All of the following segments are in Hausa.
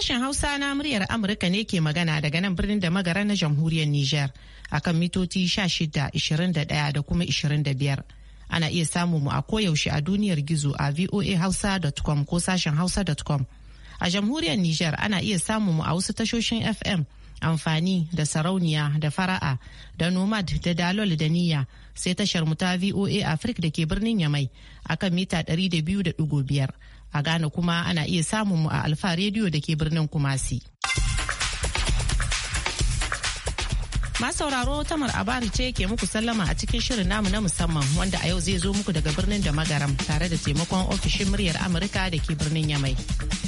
Sashen Hausa na muryar Amurka ne ke magana daga nan birnin da magara na jamhuriyar Nijar akan mitoci 16, 21 da kuma 25. Ana iya samu mu a koyaushe a duniyar gizo a voahausa.com ko sashen hausa.com. A jamhuriyar Nijar ana iya samu mu a wasu tashoshin FM amfani da sarauniya da fara'a da nomad da dalol da niyya sai tashar mu ta VOA Africa da ke birnin Yamai akan mita 200.5. A Ghana kuma ana iya samun mu a Alfa rediyo da ke birnin Kumasi. masauraro sauraro Tamar Abari ce ke muku sallama a cikin shirin namu na musamman wanda a yau zai zo muku daga birnin da magaram tare da taimakon ofishin muryar Amurka da ke birnin Yamai.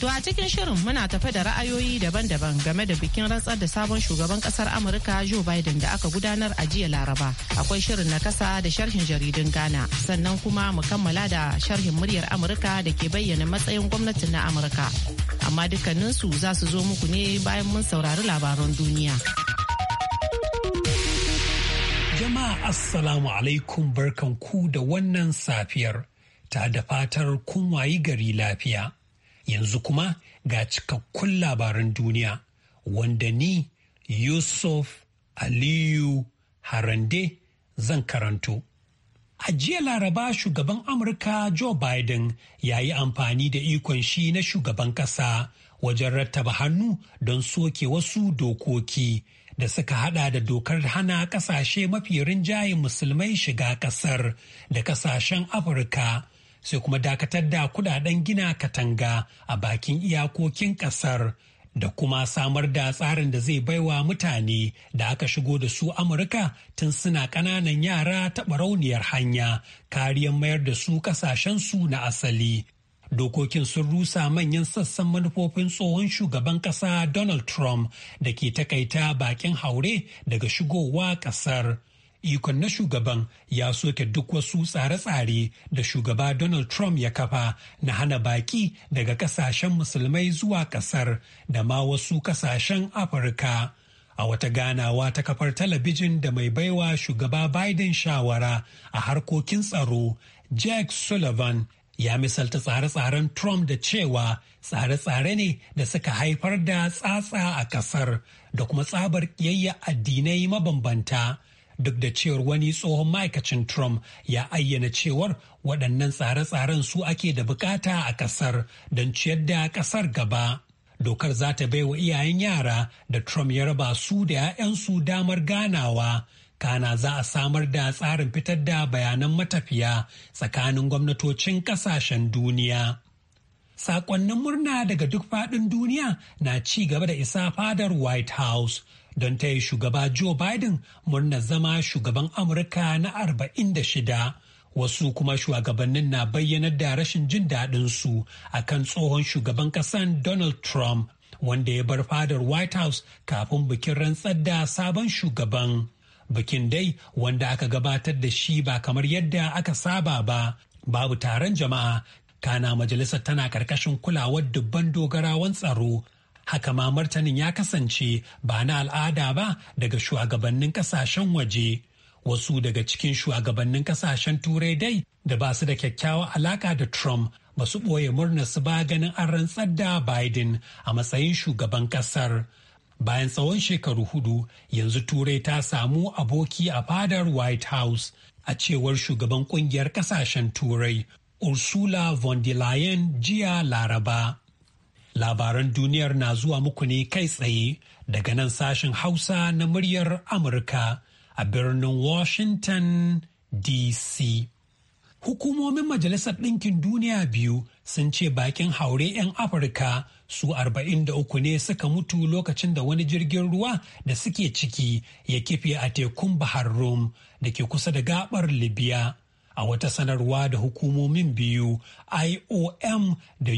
To a cikin shirin muna tafe da ra'ayoyi daban-daban game da bikin rantsar da sabon shugaban kasar Amurka Joe Biden da aka gudanar a jiya Laraba. Akwai shirin na kasa da sharhin jaridun Ghana sannan kuma mu kammala da sharhin muryar Amurka da ke bayyana matsayin gwamnatin na Amurka. Amma dukkaninsu za su zo muku ne bayan mun saurari labaran duniya. Assalamu alaikum barkan ku da wannan safiyar ta da fatar kun gari lafiya. Yanzu kuma ga cikakkun labaran duniya wanda ni Yusuf Aliyu Harande zan karanto. A jiya laraba shugaban Amurka Joe Biden ya yi amfani da ikon shi na shugaban ƙasa wajen rattaba hannu don soke wasu dokoki da suka hada da dokar hana kasashe mafi rinjaye musulmai shiga kasar da kasashen afirka sai kuma dakatar da kudaden gina katanga a bakin iyakokin kasar da kuma samar da tsarin da zai baiwa mutane da aka shigo da su amurka tun suna ƙananan yara taɓa rauniyar hanya kariyar mayar da su su na asali dokokin sun rusa manyan sassan manufofin tsohon shugaban kasa donald trump da ke takaita bakin haure daga shigowa kasar ikon na shugaban ya soke duk wasu tsare-tsare da shugaba donald trump ya kafa na hana baki daga kasashen musulmai zuwa kasar da ma wasu kasashen afirka a wata ganawa ta kafar talabijin da mai baiwa shugaba biden shawara a harkokin tsaro jack sullivan ya misalta tsare-tsaren Trump da cewa tsare-tsare ne da suka haifar da tsatsa a kasar da kuma tsabar ƙiyayya addinai mabambanta. Duk da cewar wani tsohon ma'aikacin Trump ya ayyana cewar waɗannan tsare-tsaren su ake da bukata a kasar don ciyar da kasar gaba. Dokar za ta baiwa iyayen yara da Trump ya raba su da 'ya'yansu damar ganawa. kana za a samar da tsarin fitar da bayanan matafiya tsakanin gwamnatocin kasashen duniya. Sakonnin murna daga duk faɗin duniya na ci gaba da isa fadar White House don ta yi shugaba Joe Biden murna zama shugaban Amurka na 46. Wasu kuma shugabannin na bayyana da rashin jin daɗinsu a kan tsohon shugaban ƙasan Donald Trump wanda ya bar fadar White House kafin bikin rantsar da sabon shugaban. Bikin dai wanda aka gabatar da shi ba kamar yadda aka saba ba babu taron jama'a kana majalisar tana karkashin kulawar dubban dogarawan tsaro haka ma martanin ya kasance ba na al'ada ba daga shugabannin kasashen waje wasu daga cikin shugabannin kasashen turai dai da ba su da kyakkyawa alaka da trump ba su ɓoye murna su ba ganin an rantsar da biden a matsayin shugaban kasar bayan tsawon shekaru hudu yanzu turai ta samu aboki a fadar white house a cewar shugaban kungiyar kasashen turai ursula von der leyen jiya laraba labaran duniyar na zuwa muku ne kai tsaye daga nan sashen hausa na muryar amurka a birnin washington dc hukumomin majalisar ɗinkin duniya biyu sun ce bakin haure 'yan afirka su 43 ne suka mutu lokacin da wani jirgin ruwa da suke ciki ya kife a tekun bahar rum da ke kusa da gabar libya a wata sanarwa da hukumomin biyu iom da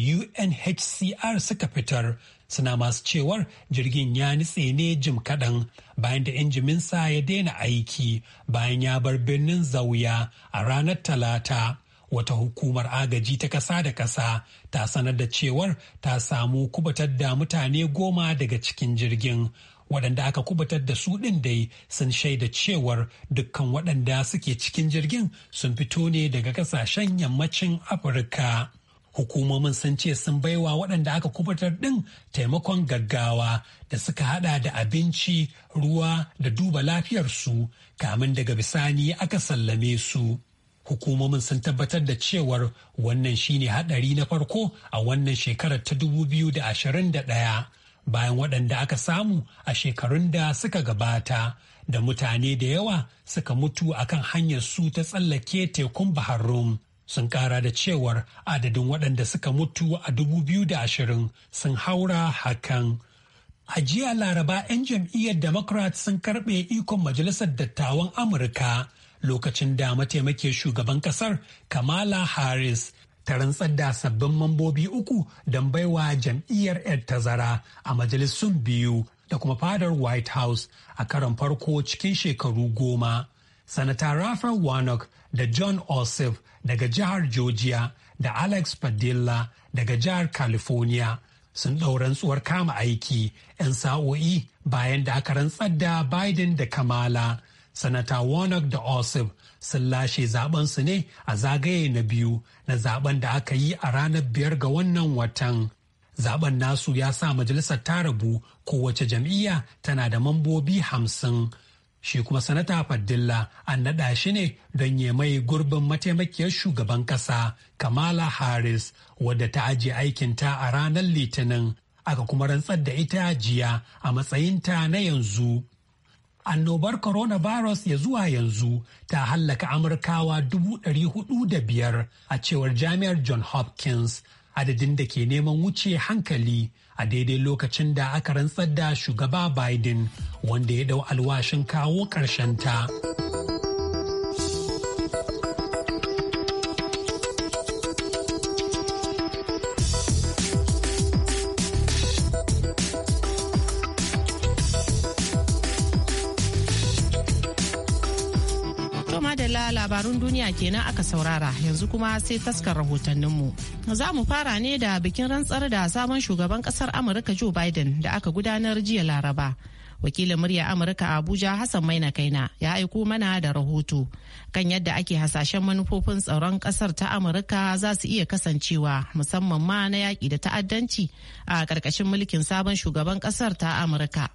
unhcr suka fitar suna masu cewar jirgin ya nitse ne jim kaɗan bayan da injiminsa ya daina aiki bayan ya bar birnin zauya a ranar talata wata hukumar agaji ta ƙasa da ƙasa ta sanar da cewar ta samu kubatar da mutane goma daga cikin jirgin waɗanda aka kubatar da su ɗin dai sun shaida cewar dukkan waɗanda suke cikin jirgin sun fito ne daga ƙasashen yammacin afirka hukumomin sun ce sun baiwa waɗanda aka kubatar ɗin taimakon gaggawa da suka hada da abinci ruwa da duba lafiyarsu kamin daga bisani aka sallame su. hukumomin sun tabbatar da cewar wannan shine hadari na farko a wannan shekarar ta 2021 bayan waɗanda aka samu a shekarun da suka gabata da mutane da yawa suka mutu akan hanyar su ta tsallake tekun bahar rum sun kara da cewar adadin waɗanda suka mutu a 2020 sun haura hakan. A jiya laraba 'yan jam'iyyar Democrat sun karɓe ikon Majalisar Dattawan Amurka lokacin da mataimake shugaban kasar Kamala Harris ta rantsar da sabbin mambobi uku don baiwa jam'iyyar 'yar tazara a majalisun biyu da kuma fadar White House a karon farko cikin shekaru goma. Sanata rafa Warnock da John Ossoff daga jihar Georgia da Alex Padilla daga jihar California sun ɗau rantsuwar kama aiki 'yan sa'o'i bayan da aka rantsar da Biden da Kamala. sanata warnock da osip sun lashe su ne a zagaye na biyu na zaben da aka yi a ranar biyar ga wannan watan zaben nasu ya sa majalisar ta rabu kowace jam'iyya tana da mambobi hamsin shi kuma sanata fadilla an naɗa shi ne don ya mai gurbin mataimakiyar shugaban ƙasa kamala harris wadda ta ajiye aikinta a ranar litinin aka kuma rantsar da ita jiya a matsayinta na yanzu annobar coronavirus ya zuwa yanzu ta hallaka amurkawa dubu huɗu da biyar a cewar jami'ar john hopkins adadin da ke neman wuce hankali a daidai lokacin da aka rantsar da shugaba biden wanda ya dau alwashin kawo ƙarshen ta. labarun duniya kenan aka saurara yanzu kuma sai taskar rahotanninmu. Za mu fara ne da bikin rantsar da sabon shugaban kasar Amurka Joe Biden da aka gudanar jiya Laraba. Wakilin murya Amurka a Abuja Hassan Maina Kaina ya aiko mana da rahoto kan yadda ake hasashen manufofin tsaron kasar ta Amurka za su iya kasancewa musamman ma na yaƙi da ta'addanci a ƙarƙashin mulkin sabon shugaban kasar ta Amurka.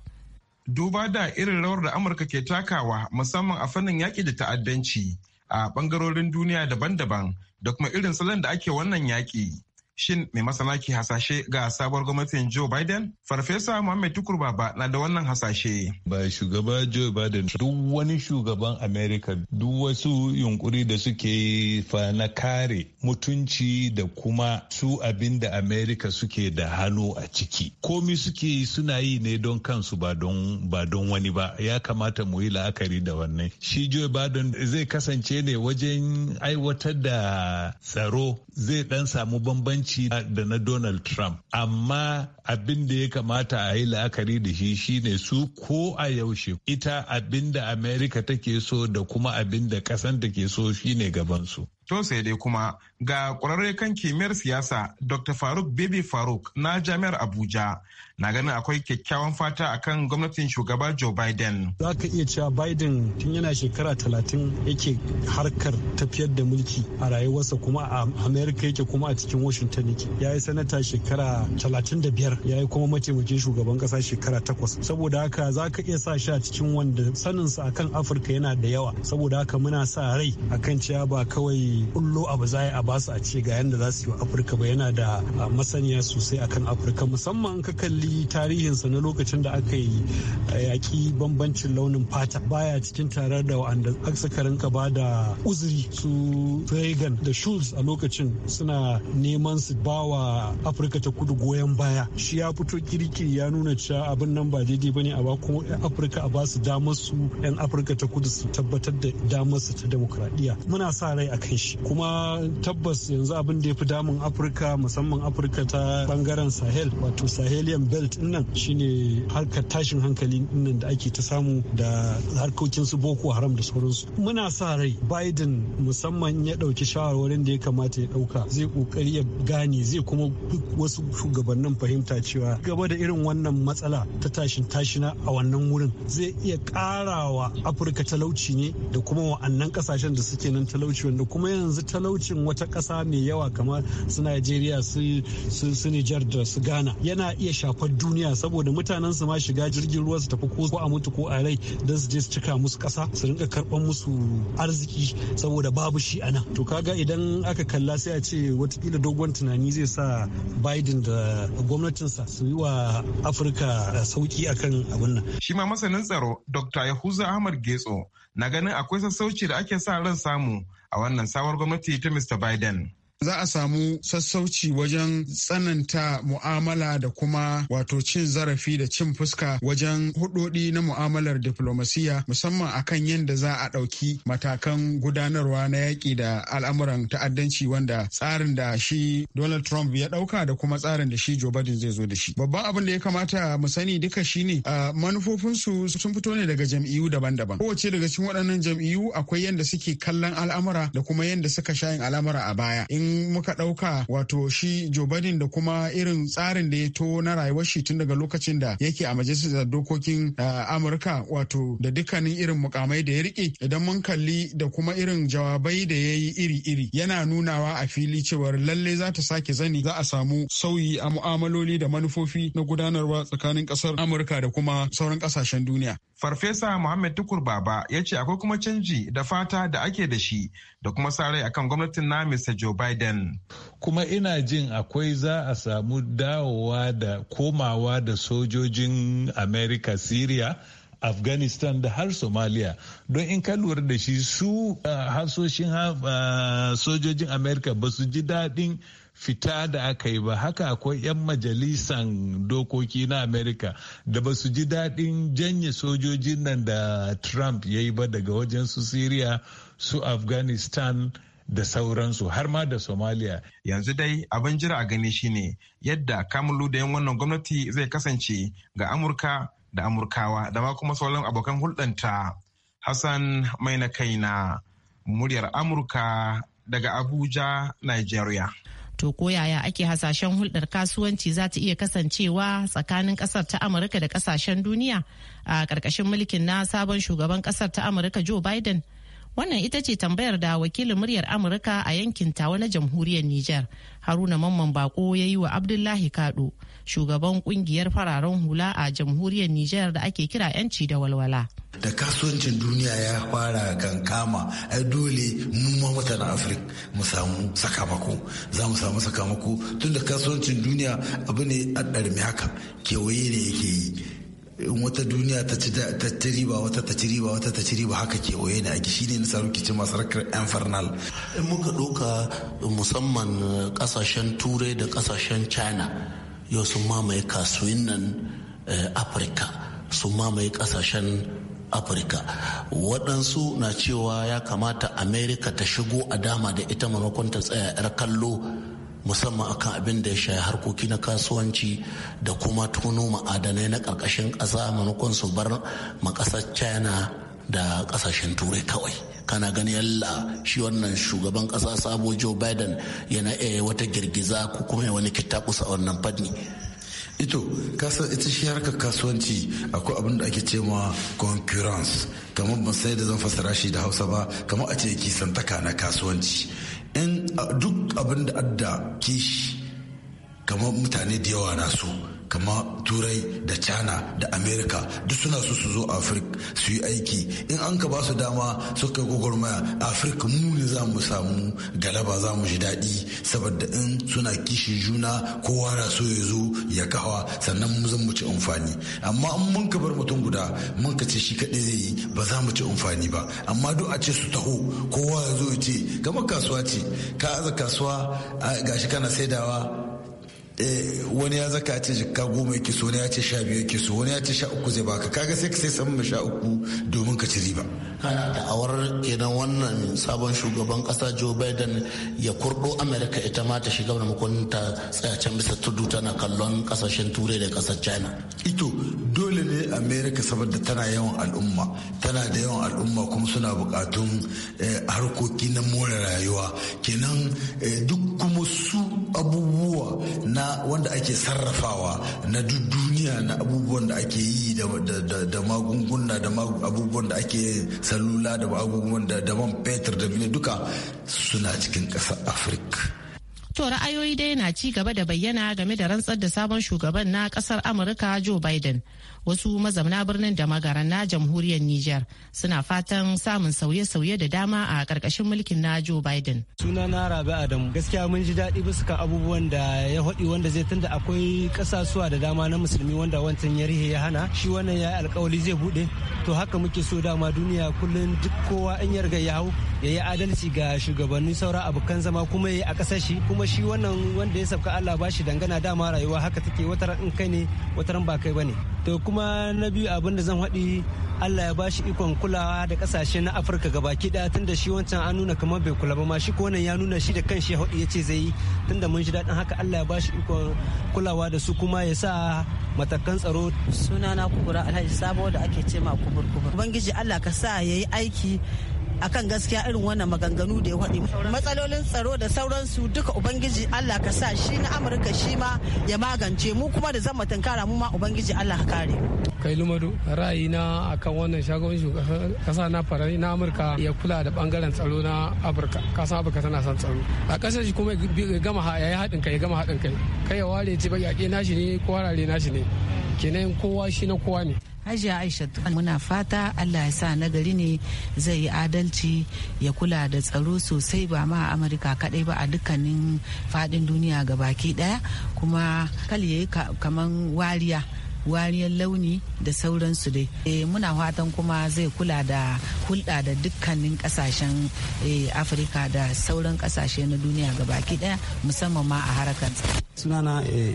duba da irin rawar da amurka ke takawa musamman a fannin yaƙi da ta'addanci a bangarorin duniya daban-daban da kuma irin salon da ake wannan yaƙi. Shin mai masana ke hasashe ga sabuwar gwamnatin Joe Biden? Farfesa Muhammad Tukur Baba na da wannan hasashe. Ba shugaba Joe Biden duk wani shugaban amerika duk wasu yunkuri da suke fa na kare mutunci da kuma su abin da America suke da hannu a ciki. Komi suke suna yi ne don kansu ba don ba don wani ba. Ya kamata mu yi la'akari da wannan. Shi Joe Biden zai kasance ne wajen aiwatar da tsaro zai dan samu bambanci da na Donald Trump. Amma abin da ya kamata a yi la'akari da shi shine su ko a yaushe ita abin da Amerika take so da kuma abin da ƙasan take so shine gabansu. To sai dai kuma ga ƙwararre kan kimiyyar siyasa Dr. Faruk Bibi Faruk na Jami'ar Abuja na ganin akwai kyakkyawan fata akan gwamnatin shugaba Joe Biden. Za ka iya cewa Biden tun yana shekara talatin yake harkar tafiyar da mulki a rayuwarsa kuma a Amerika yake kuma a cikin Washington yake. Ya yi sanata shekara talatin da biyar ya yi kuma mataimakin shugaban kasa shekara takwas. Saboda haka za ka iya sa shi a cikin wanda saninsa akan Afirka yana da yawa. Saboda haka muna sa rai akan cewa ba kawai kullo abu za a basu a ce ga yanda za su yi wa Afirka ba yana da masaniya sosai akan Afirka musamman ka kalli shi tarihinsa na lokacin da aka yi yaƙi bambancin launin fata baya cikin tarar da wanda aka rinka ba da uzuri su reagan da schultz a lokacin suna neman su ba wa afirka ta kudu goyon baya shi ya fito kirkiri ya nuna cewa abin nan ba daidai bane a ba kuma afirka a ba su damar su yan afirka ta kudu su tabbatar da damar su ta demokradiyya muna sa rai a kan shi kuma tabbas yanzu abin da ya fi damun afirka musamman afirka ta bangaren sahel wato sahelian result din nan shine harkar tashin hankali nan da ake ta samu da harkokin su boko haram da sauransu muna sa rai biden musamman ya dauki shawarwarin da ya kamata ya dauka zai kokari ya gane zai kuma wasu shugabannin fahimta cewa gaba da irin wannan matsala ta tashin tashina a wannan wurin zai iya karawa afirka talauci ne da kuma wa'annan kasashen da suke nan talauci wanda kuma yanzu talaucin wata kasa mai yawa kamar su nigeria su nijar da su ghana yana iya shafar bar duniya saboda mutanen su ma shiga jirgin ruwa su tafi ko a mutu ko a rai don su je su cika musu kasa su rinka karban musu arziki saboda babu shi anan to kaga idan aka kalla sai a ce watakila dogon tunani zai sa biden da gwamnatinsa su yi wa afirka sauki akan abin nan shi ma masanin tsaro dr yahuza ahmad getso na ganin akwai sassauci da ake sa ran samu a wannan sawar gwamnati ta mr biden za a samu sassauci wajen tsananta mu'amala da kuma wato cin zarafi da cin fuska wajen hudodi na mu'amalar diplomasiya musamman a kan yadda za a ɗauki matakan gudanarwa na yaƙi da al'amuran ta'addanci wanda tsarin da shi Donald Trump ya ɗauka da kuma tsarin da shi Joe Biden zai zo da shi. Babban abin da ya kamata mu sani duka shine a manufofinsu sun fito ne daga jam'iyyu daban-daban. Kowace daga cikin waɗannan jam'iyyu akwai yadda suke kallon al'amura da kuma yadda suka yin al'amura a baya. In idan muka ɗauka wato shi jobanin da kuma irin tsarin da ya to na rayuwar shi tun daga lokacin da yake a majalisar dokokin eh, amurka wato da dukkanin irin mukamai da ya rike idan mun kalli da kuma irin jawabai da ya yi iri-iri yana nunawa a fili cewar lalle za ta sake zani za a samu sauyi a mu'amaloli da manufofi na gudanarwa tsakanin ƙasar amurka da kuma sauran ƙasashen duniya Farfesa Muhammad Tukur Baba ya ce akwai kuma canji da fata da ake da shi da kuma sarai akan gwamnatin na Mr. Joe Biden. Kuma ina jin akwai za a samu dawowa da komawa da sojojin amerika Syria afghanistan da har somalia don in ka lura da shi su uh, ah, hasoshin ah, ah, sojojin amerika ba su ji daɗin fita da aka yi ba haka akwai 'yan majalisan dokoki na amerika da ba su ji daɗin janye sojojin nan da trump ya yi ba daga wajen su syria su afghanistan da sauransu har ma da somalia yanzu dai abin jira a gani shine yadda kamulu da yan wannan gwamnati zai kasance ga amurka da amurkawa da ma kuma sauran abokan hulɗanta hassan mai na kai na muryar amurka daga abuja nigeria To ko yaya ake hasashen hulɗar kasuwanci za ta iya kasancewa tsakanin ƙasar ta Amurka da ƙasashen duniya a ƙarƙashin mulkin na sabon shugaban ƙasar ta Amurka Joe Biden? Wannan ita ce tambayar da wakilin muryar Amurka a yankin tawa na jamhuriyar Nijar, Haruna Mamman Bako ya yi wa Abdullahi Kado, shugaban kungiyar fararen hula a jamhuriyar Nijar da ake kira 'yanci da walwala. Da kasuwancin duniya ya fara gankama ai dole mu ma mutanen Afirka mu samu sakamako, za mu samu sakamako tun da kasuwancin duniya abu ne a haka kewaye ne yake yi. in wata duniya ta ci ta riba wata ta ci riba wata ta ci riba haka ke oye ne a shine na saru ke masu masarakar infernal in muka doka musamman kasashen uh, turai da kasashen china yau sun mamaye kasuwin nan uh, afirka sun mamaye kasashen afirka waɗansu na cewa ya kamata amerika ta shigo a dama da ita maimakon ta tsaya 'yar kallo musamman akan abin da ya shayi harkoki na kasuwanci da kuma tono ma'adanai na ƙarƙashin ƙasa maimakon su bar makasar china da ƙasashen turai kawai kana gani yalla shi wannan shugaban kasa sabo joe biden yana iya wata girgiza ko kuma wani kitakus a wannan fanni ito kasa ita shi harkar kasuwanci akwai abin da ake cewa concurrence kamar ban sai da zan fassara shi da hausa ba kamar a ce kisantaka na kasuwanci in duk abin da adda kishi kamar mutane da yawa na so Kama turai da china da america duk suna su zo afirka su yi aiki in an ka ba su dama suka yi gwagwarmaya afirka mu ne za mu samu galaba za mu ji daɗi saboda in suna kishin juna kowa na so ya zo ya kawa sannan mu zan mu ci amfani amma in mun ka bar mutum guda mun ka ce shi kaɗai zai yi ba za mu ci amfani ba amma duk a ce su taho kowa ya zo ya ce kamar kasuwa ce ka aza kasuwa gashi kana saidawa Eh, wani ya zaka ce jikka goma yake so wani ya ce sha biyu yake so wani ya ce sha uku zai baka kaga sai ka sai samu mai sha uku domin ka ci riba da da'awar kenan wannan sabon shugaban kasa Joe Biden ya kurdo America ita ma ta shiga makonin ta tsaya can bisa tudu tana kallon kasashen turai da kasar China ito dole ne America saboda tana yawan al'umma tana da yawan al'umma kuma suna bukatun eh, harkoki na more rayuwa kenan eh, duk kuma su abubuwa na wanda ake sarrafawa na duk duniya na abubuwan da ake yi da magunguna da abubuwan da ake salula da abubuwan da man fetur da duka suna cikin ƙasar afirka To ra'ayoyi dai na ci gaba da bayyana game da rantsar da sabon shugaban na kasar Amurka Joe Biden. Wasu mazamna birnin da magaran na jamhuriyar Nijar suna fatan samun sauye-sauye da dama a karkashin mulkin na Joe Biden. Suna na Rabi Adamu gaskiya mun ji daɗi bisa abubuwan da ya haɗi wanda zai tunda akwai ƙasasuwa da dama na musulmi wanda wancan ya rihe ya hana shi wannan ya alkawali zai buɗe to haka muke so dama duniya kullum duk kowa in yarga ya hau ya yi adalci ga shugabanni saura abokan zama kuma ya yi a ƙasar shi kuma shi wannan wanda ya sauka Allah ba shi dangana dama rayuwa haka take ran in kai ne wataran ba kai bane to kuma na biyu abin da zan faɗi Allah ya bashi ikon kulawa da kasashe na Afirka gabaki da tunda shi wancan an nuna kamar bai kula ba ma shi ko wannan ya nuna shi da kan shi ya ce zai yi tunda mun ji daɗin haka Allah ya bashi ikon kulawa da su kuma ya sa matakan tsaro sunana kubura alhaji sabo da ake ce ma kubur kubur ubangiji Allah ka sa yi aiki akan gaskiya irin wannan maganganu da ya faɗi matsalolin tsaro da sauransu duka ubangiji Allah ka sa shi na Amurka shi ma ya magance mu kuma da zama tunkara mu ma ubangiji Allah ka kare kai lumadu na akan wannan shagon shugaban kasa na farai na Amurka ya kula da bangaren tsaro na Afirka kasan Afirka tana son tsaro a kasar shi kuma ya gama ya yi haɗin kai ya gama haɗin kai kai ya ware ci ba yaƙe nashi ne ko warare nashi ne kenan kowa shi na kowa ne hajiya aisha muna fata allah ya sa nagari ne zai yi adalci ya kula da tsaro sosai ba ma a amurka kadai ba a dukkanin fadin duniya ga baki daya kuma kal yi kaman wariya wariyar launi da sauransu dai eh, muna fatan kuma zai kula da hulɗa da dukkanin kasashen eh, afirka da sauran kasashe na duniya ga baki daya musamman ma a harakar sunana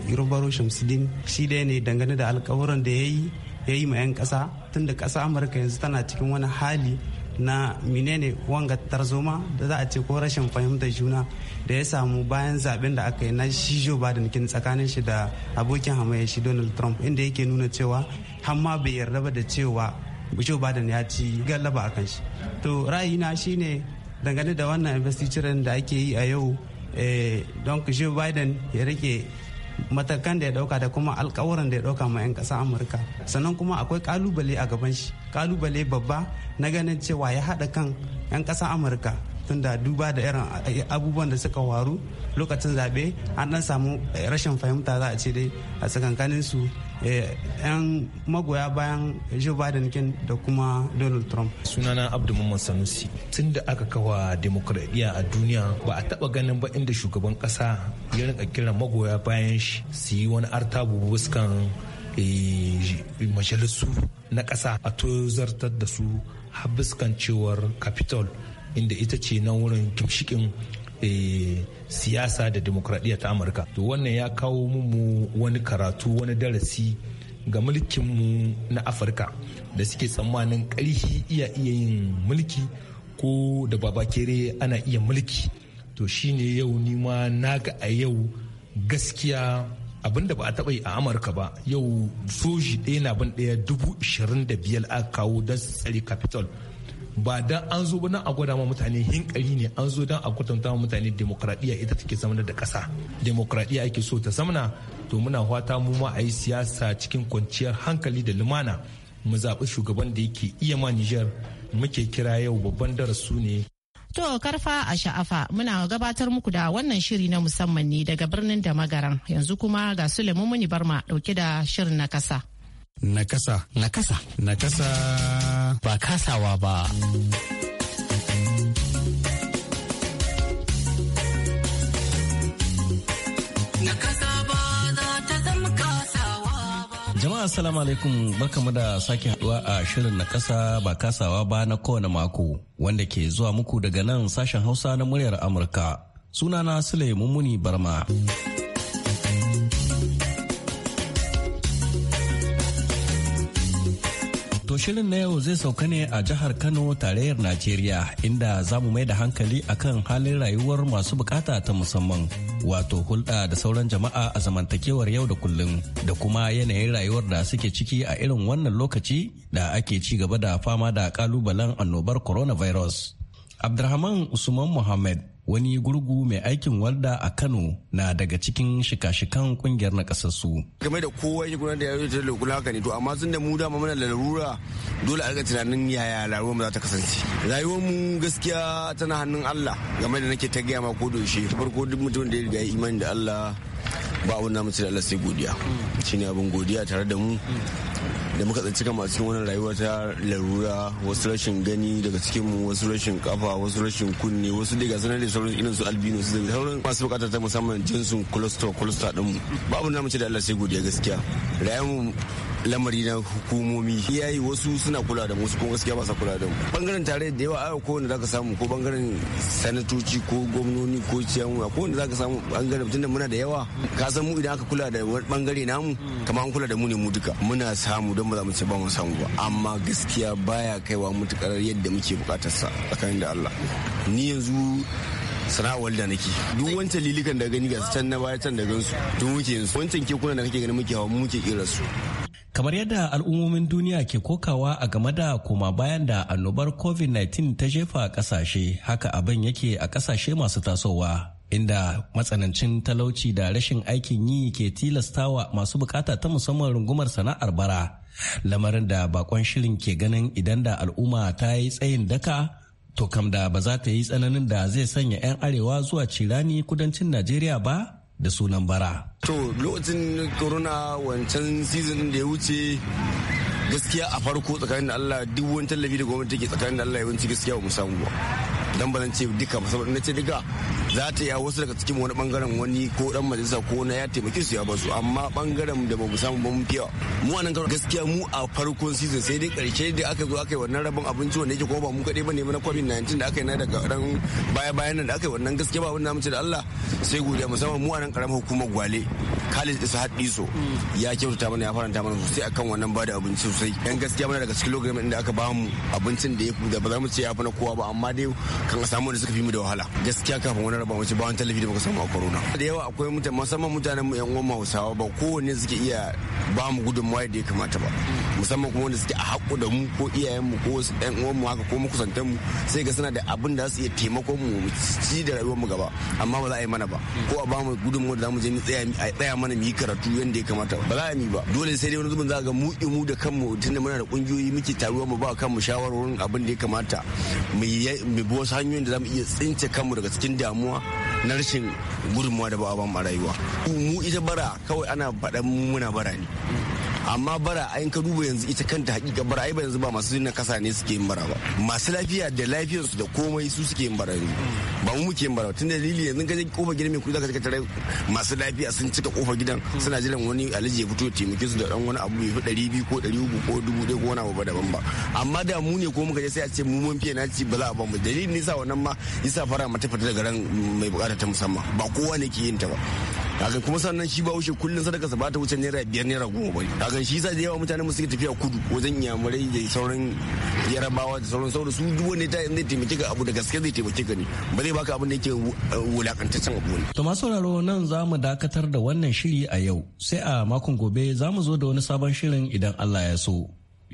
yorubaro eh, shamsuddin shi dai ne dangane da alkawuran da ya yi ya yi ma 'yan ƙasa tunda kasa amurka yanzu tana cikin wani hali na menene wanga tarzoma da za a ce ko rashin fahimtar juna da ya samu bayan zaben da aka yi na shi Joe Biden kin tsakanin shi da abokin hamayya shi Donald Trump inda yake nuna cewa hamma bai yarda ba da cewa Joe Biden ya ci galaba a kan shi to ra'ayina shine dangane da wannan investiture da ake yi a yau eh, don Joe Biden ya rike matakan da ya dauka da kuma alkawaran da ya dauka ma 'yan kasa amurka sannan kuma akwai kalubale a gaban shi kalubale babba na ganin cewa ya haɗa kan 'yan kasa amurka tunda duba da irin abubuwan da suka waru lokacin zaɓe an dan samu rashin fahimta za a ce dai a tsakankanin su Eh, 'yan magoya bayan joe biden da kuma donald trump sunana abdu mamman sanusi tun da aka kawa demokradiyya a duniya ba a taba ganin ba inda shugaban kasa ya rinka kira magoya bayan shi su yi wani artabu buskan eh, majalisu na kasa a tozartar da su habiskan cewar capitol inda ita ce na wurin kimshikin Eh, siyasa da demokradiyya ta amurka to wannan ya kawo mu wani karatu wani darasi ga mulkinmu na afirka da suke tsammanin ƙarfi iya iya yin mulki ko da babakere ana iya mulki to shine yau nima na ga a yau gaskiya abinda ba a taba yi a amurka ba yau soji ɗaya na bin ɗaya dubu ishirin da biyar aka kawo don tsari capital ba dan an zo ba nan a gwada ma mutane hinkali ne an zo dan a kwatanta ma mutane demokradiyya ita take zama da kasa demokradiyya ake so ta zamana to muna fata mu ma a yi siyasa cikin kwanciyar hankali da lumana mu zaɓi shugaban da yake iya ma Nijar muke kira yau babban darasu ne. To karfa a sha'afa muna gabatar muku da wannan shiri na musamman ne daga birnin da magaran yanzu kuma ga Suleiman Muni Barma dauke da shirin na kasa. Na kasa. Na kasa. Na kasa. ba kasawa ba. Jama'a salamu alaikum barkamu da sake haduwa a shirin na kasa ba kasawa ba na kowane mako wanda ke zuwa muku daga nan sashen hausa na muryar Amurka. Sunana Sule Mummuni Barma. To shirin na yau zai sauka ne a jihar Kano tarayyar Najeriya inda za mu mai da hankali akan halin rayuwar masu bukata ta musamman wato hulɗa da sauran jama'a a zamantakewar yau da kullum da kuma yanayin rayuwar da suke ciki a irin wannan lokaci da ake ci gaba da fama da kalubalen annobar coronavirus. Abdulrahman Usman Muhammad wani gurgu mai aikin walda a Kano na daga cikin shika-shikan kungiyar na kasassu. Game da kowa yake gudanar da yawon da lokula haka ne to amma sun da mu da mana da larura dole a rika tunanin yaya larurwar mu za ta kasance. Rayuwar mu gaskiya tana hannun Allah game da nake ta gaya ma ko da Farko duk mutumin da ya riga imani da Allah ba wannan mutum da Allah sai godiya. Shine abin godiya tare da mu. da muka tsanci kama cikin wannan rayuwa ta larura wasu rashin gani daga cikin mu wasu rashin kafa wasu rashin kunne wasu daga sanar da sauran irin su albino su zai sauran masu bukatar ta musamman jinsin cholesterol cholesterol din mu babu na mace da Allah sai godiya gaskiya rayuwar lamari na hukumomi yi wasu suna kula da wasu kuma gaskiya ba sa kula da mu bangaren tare da yawa ayo ko wanda zaka samu ko bangaren sanatoci ko gwamnoni ko ciyawa ko wanda zaka samu bangaren tunda muna da yawa ka san mu idan aka kula da bangare namu kamar an kula da mu ne mu duka muna sa samu don ba za mu ce ba mu san ba amma gaskiya baya kaiwa mutukar yadda muke sa tsakanin da Allah ni yanzu sana'a da nake duk wancan lilikan da gani gasu can na baya can da gansu duk muke yin su wancan kekunan da kake gani muke hawa muke kira su kamar yadda al'ummomin duniya ke kokawa a game da koma bayan da annobar covid-19 ta jefa kasashe haka abin yake a kasashe masu tasowa inda matsanancin talauci da rashin aikin yi ke tilastawa masu bukata ta musamman rungumar sana'ar bara lamarin da bakon shirin ke ganin idan da al'umma ta yi tsayin daka to kam da ba za ta yi tsananin da zai sanya 'yan arewa zuwa cirani kudancin najeriya ba da sunan bara to lokacin corona wancan season da ya wuce gaskiya a farko tsakanin allah duk wani tallafi da gwamnati ke tsakanin allah yawanci gaskiya ba mu samu ba dan ba zan ce duka musamman na ce duka za ta iya wasu daga cikin wani bangaren wani ko dan majalisa ko na ya taimaki su ya basu amma bangaren da ba mu samu ba mu fiya mu a nan gaskiya mu a farkon season sai dai karshe da aka zo aka yi wannan rabin abinci wanda yake ko ba mu kaɗai ba ne na covid 19 da aka yi na daga ran baya bayan nan da aka yi wannan gaskiya ba wannan mace da Allah sai godiya musamman mu a nan karamar hukumar Gwale su Isa so ya kyautata mana ya faranta mana sosai akan wannan bada abinci sosai dan gaskiya mana daga cikin kilogram din da aka mu abincin da ya da ba za mu ce ya fi na kowa ba amma dai kan samu wanda suka fi mu da wahala gaskiya kafin wani raba mace ba wani tallafi da ka samu a corona da yawa akwai mutane musamman mutanen mu yan uwan hausawa ba kowanne suke iya ba mu gudunmawa yadda ya kamata ba musamman kuma wanda suke a haƙu da mu ko iyayen mu ko wasu ɗan uwan mu haka ko makusantan mu sai ga suna da abin da su iya taimakon mu mu ci da rayuwar mu gaba amma ba za a yi mana ba ko a ba mu gudunmawa da za mu je mu tsaya mana mu yi karatu yadda ya kamata ba za a yi ba dole sai dai wani zubin za ga mu mu da kanmu tunda muna da ƙungiyoyi muke taruwa mu ba kanmu shawarwarin abin da ya kamata mu bi wasu hanyoyin da za mu iya tsince kanmu daga cikin damuwa damuwa na rashin gudunmuwa da ba a ban rayuwa mu ita bara kawai ana faɗa muna bara ne amma bara ayin ka duba yanzu ita kanta hakika bara ai ba yanzu ba masu jinnan kasa ne suke yin bara ba masu lafiya da lafiyarsu da komai su suke yin bara yanzu ba mu muke yin bara tun dalilin yanzu ka je gidan mai kuɗi zaka tare masu lafiya sun cika kofa gidan suna jiran wani alaji ya fito ya taimake su da dan wani abu ya fi ɗari biyu ko ɗari uku ko dubu ɗaya ko wani abu ba daban ba amma da mu ne ko muka je sai a ce mu mun fiye na ci ba za a ba mu dalilin nisa wannan ma yasa fara mata fita daga ran mai bukata ta musamman ba kowa ne ke yin ta ba kaga kuma sannan shi ba wuce kullun sadaka sa ba ta wuce naira biyar naira goma bane kaga shi yasa da yawa mutane mu suke tafiya kudu wajen yamurai da sauran yarabawa da sauran sauran su duk wanda ta zai taimake ka abu da gaske zai taimake ka ne ba zai baka abin da yake eh, wulakantaccen abu ne to masu sauraro nan za mu dakatar da wannan shiri a yau sai a makon gobe za mu zo da wani sabon shirin idan Allah ya so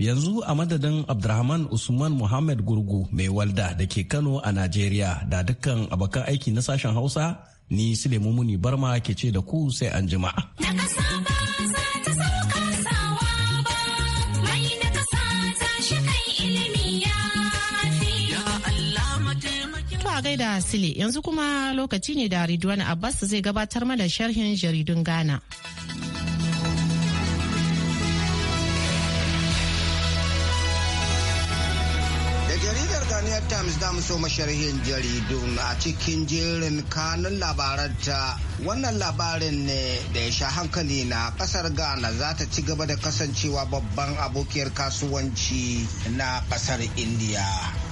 yanzu a madadin abdulrahman usman muhammad gurgu mai walda da ke kano a najeriya da dukkan abokan aiki na sashen hausa ni Sulemu Muni Barma ke ce da ku sai an jima. gaida Sile yanzu kuma lokaci ne da Ridwan Abbas zai gabatar mana sharhin jaridun Ghana. so masharihin jaridu a cikin jerin kanun labaranta wannan labarin ne da ya sha hankali na kasar ghana za ta ci gaba da kasancewa babban abokiyar kasuwanci na kasar india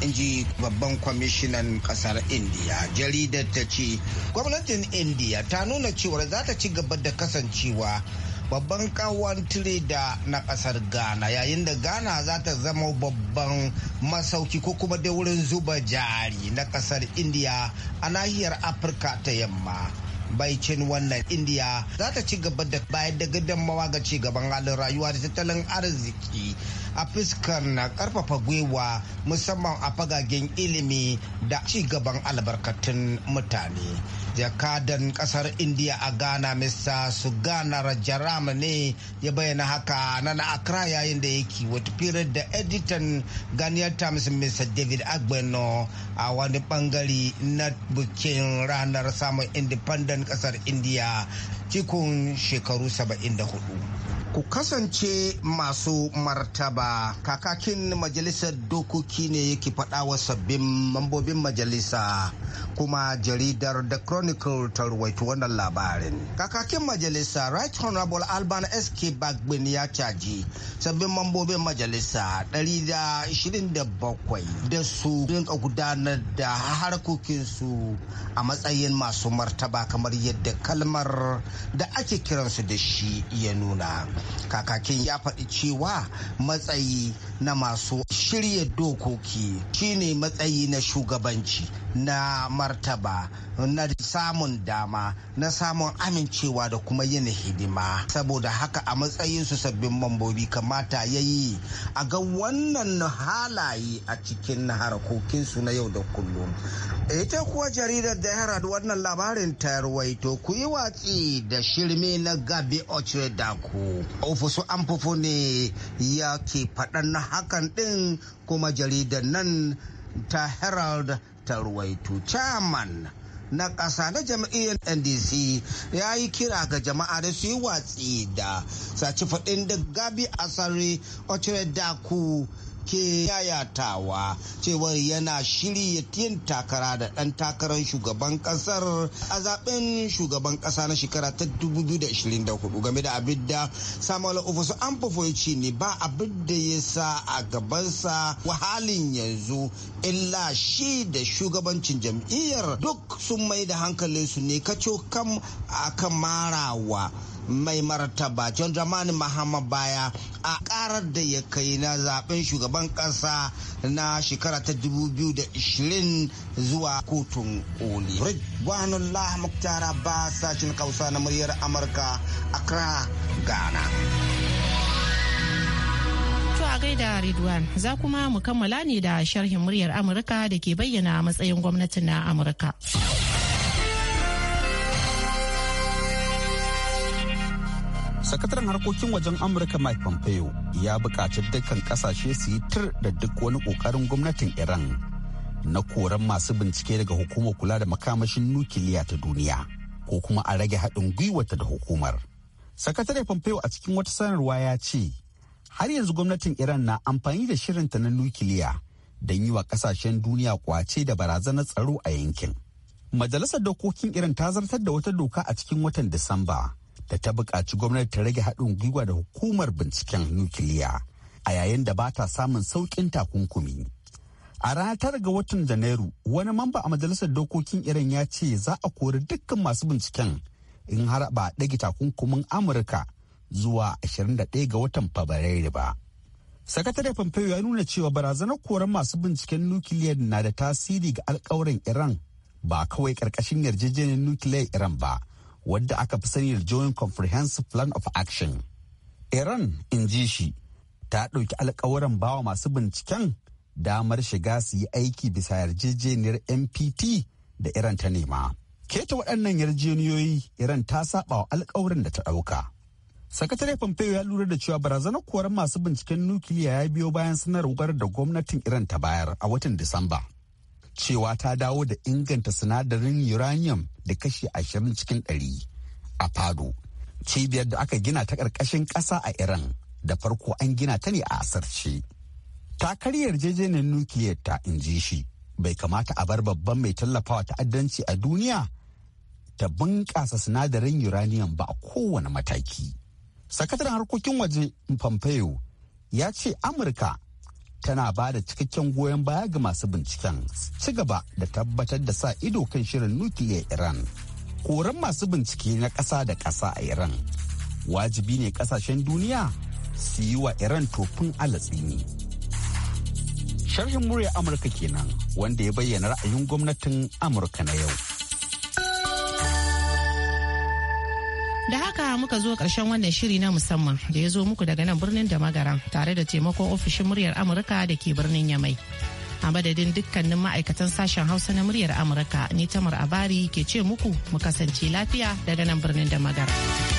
in ji babban kwamishinan kasar india jaridar ta ce gwamnatin india ta nuna cewar za ta ci gaba da kasancewa babban kawon tireda na kasar ghana yayin da ghana za ta zama babban masauki ko kuma da wurin zuba jari na kasar india a nahiyar afirka ta yamma baicin wannan India za ta ci gaba da bayar da gudunmawa ga ci gaban halin rayuwa da tattalin arziki a fuskar na karfafa gwiwa musamman a fagagen ilimi da ci gaban albarkatun mutane jakadan kasar india a ghana mr sugana rajaram ne ya bayyana haka nan accra yayin da yake wata fira da editan ghanaian times mr david agbeno a wani bangare na bukin ranar samun independent kasar india cikin shekaru 74 ku kasance masu martaba kakakin majalisar dokoki ne yake faɗa wa sabbin mambobin majalisa kuma jaridar The Chronicle ta ruwaito wannan labarin. Kakakin majalisa Right Honorable Alban SK Bagbin ya caji sabbin mambobin majalisa 127 da su rinka gudanar da harkokinsu a matsayin masu martaba kamar yadda kalmar da ake kiransu da shi ya nuna. Kakakin ya faɗi cewa matsayi na masu shirya dokoki shine matsayi na shugabanci na martaba na samun dama na samun amincewa da kuma yin hidima saboda haka a matsayin su sabbin mambobi kamata ya yi a ga wannan halaye a cikin harkokinsu na yau da kullum ita kuwa jaridar da herald wannan labarin ta ruwaito ku yi watsi da shirme na gabi ochre daku ofisu amfufo ne ya ke faɗan hakan ɗin kuma jaridar nan ta herald ta ruwaito chairman na ƙasa na jam'iyyar ndc ya yi kira ga jama'a da su yi watsi da sace faɗin da gabi asare ochere daku ke yayatawa cewar yana shirya yin takara da ɗan takarar shugaban ƙasar a zaben shugaban ƙasa na shekara ta 2024 game da abin da samuel an amfofoci ne ba abin da ya sa a gabansa wahalin yanzu illa shi da shugabancin jam'iyyar duk sun mai da hankalinsu ne kaco kam a kan marawa mai martaba john dramani mahama baya a karar da ya kai na zaben shugaban kasa na shekara ta 2020 zuwa kotun koli ridwanullah muktara ba sashen kausa na muryar amurka accra ghana gaida Ridwan za kuma mu kammala ne da sharhin muryar Amurka da ke bayyana matsayin gwamnatin na Amurka. sakataren harkokin wajen amurka mike pompeo ya buƙaci dukkan ƙasashe su yi tur da duk wani ƙoƙarin gwamnatin iran na koran masu bincike daga hukumar kula da makamashin nukiliya ta duniya ko kuma a rage haɗin gwiwata da hukumar sakatare pompeo a cikin wata sanarwa ya ce har yanzu gwamnatin iran na amfani da shirinta na nukiliya don yi wa kasashen duniya kwace da barazanar tsaro a yankin majalisar dokokin iran ta zartar da wata doka a cikin watan disamba da ta buƙaci gwamnati ta rage haɗin gwiwa da hukumar binciken nukiliya a yayin da ba ta samun saukin takunkumi. A ranar tara ga watan Janairu, wani mamba a majalisar dokokin Iran ya ce za a kori dukkan masu binciken in har ba a ɗage takunkumin Amurka zuwa 21 ga watan Fabrairu ba. Sakatare Pompeo ya nuna cewa barazanar koran masu binciken nukiliyar na da tasiri ga alkawarin Iran ba kawai ƙarƙashin yarjejeniyar nukiliyar Iran ba, wadda aka fi sani da joint comprehensive plan of action iran in ji shi ta ɗauki alkawarin bawa masu binciken damar shiga su yi aiki bisa yarjejeniyar npt da iran ta nema keta waɗannan yarjejeniyoyi iran ta saba wa alkawarin da ta ɗauka sakatare pompeo ya lura da cewa barazanar kuwar masu binciken nukiliya ya biyo bayan sanarwar da gwamnatin iran ta bayar a watan disamba cewa ta dawo da inganta sinadarin uranium da kashi ashirin cikin ɗari a fado cibiyar da aka gina ta ƙarƙashin ƙasa a iran da farko an gina ta ne a asarce ta karya yarjejeniyar nukiliyar ta in ji shi bai kamata a bar babban mai tallafawa ta'addanci a duniya ta bunƙasa sinadarin uranium ba a kowane mataki sakataren harkokin waje pompeo ya ce amurka tana ba da cikakken goyon baya ga masu binciken ci gaba da tabbatar da sa ido kan shirin nukiliya iran koran masu bincike na ƙasa da ƙasa a iran wajibi ne ƙasashen duniya su yi wa iran tofin alatsini sharhin murya amurka kenan wanda ya bayyana ra'ayin gwamnatin amurka na yau Da haka muka zo ƙarshen wannan shiri na musamman da ya zo muku daga nan birnin da magaran tare da taimakon ofishin muryar Amurka da ke birnin Yamai. A madadin dukkanin ma'aikatan sashen Hausa na muryar Amurka ni Tamar Abari ke ce muku mu kasance lafiya daga nan birnin da magaran.